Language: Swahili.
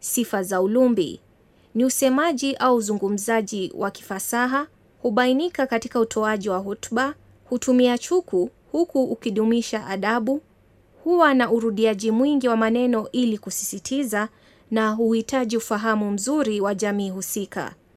Sifa za ulumbi ni usemaji au uzungumzaji wa kifasaha, hubainika katika utoaji wa hotuba, hutumia chuku huku ukidumisha adabu, huwa na urudiaji mwingi wa maneno ili kusisitiza, na huhitaji ufahamu mzuri wa jamii husika.